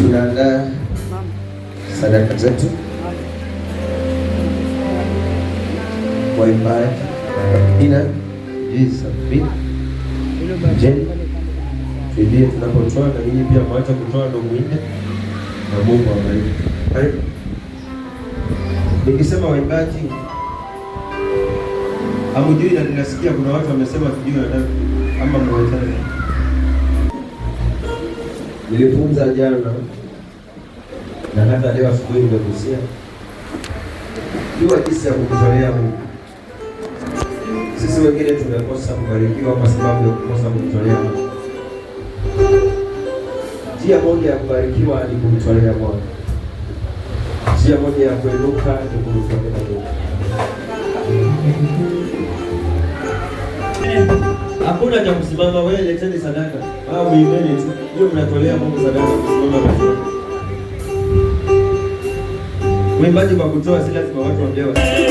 tunaandaa sadaka zetu, waimbaji Amina, Jisabina, Jeni tunapotoa, na nyinyi pia mwacha kutoa ndo mwinde na Mungu abariki. Nikisema waimbaji hamjui, na ninasikia kuna watu wamesema sijui ama mwachane Nilifunza jana na hata leo asubuhi nimegusia jua jinsi ya kumtolea Mungu. Sisi wengine tumekosa kubarikiwa kwa sababu ya kukosa kumtolea Mungu. Njia moja ya kubarikiwa ni kumtolea Mungu. Njia moja ya kuenuka ni kumtolea Mungu. Hakuna cha kusimama wewe, leteni sadaka au muimbeni tu. Hiyo mnatolea Mungu sadaka kusimama peke Mwimbaji kwa kutoa si lazima watu wamjao.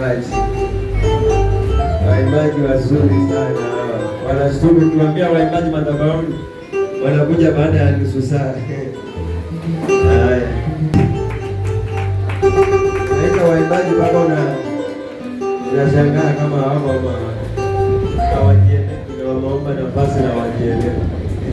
waimbaji, waimbaji wazuri sana wanazuru. Niwaambia waimbaji madhabahuni wanakuja baada ya nusu saa. Haya, naita waimbaji mpaka unashangaa kama hawa hawajielewi, wameomba nafasi na wajielewi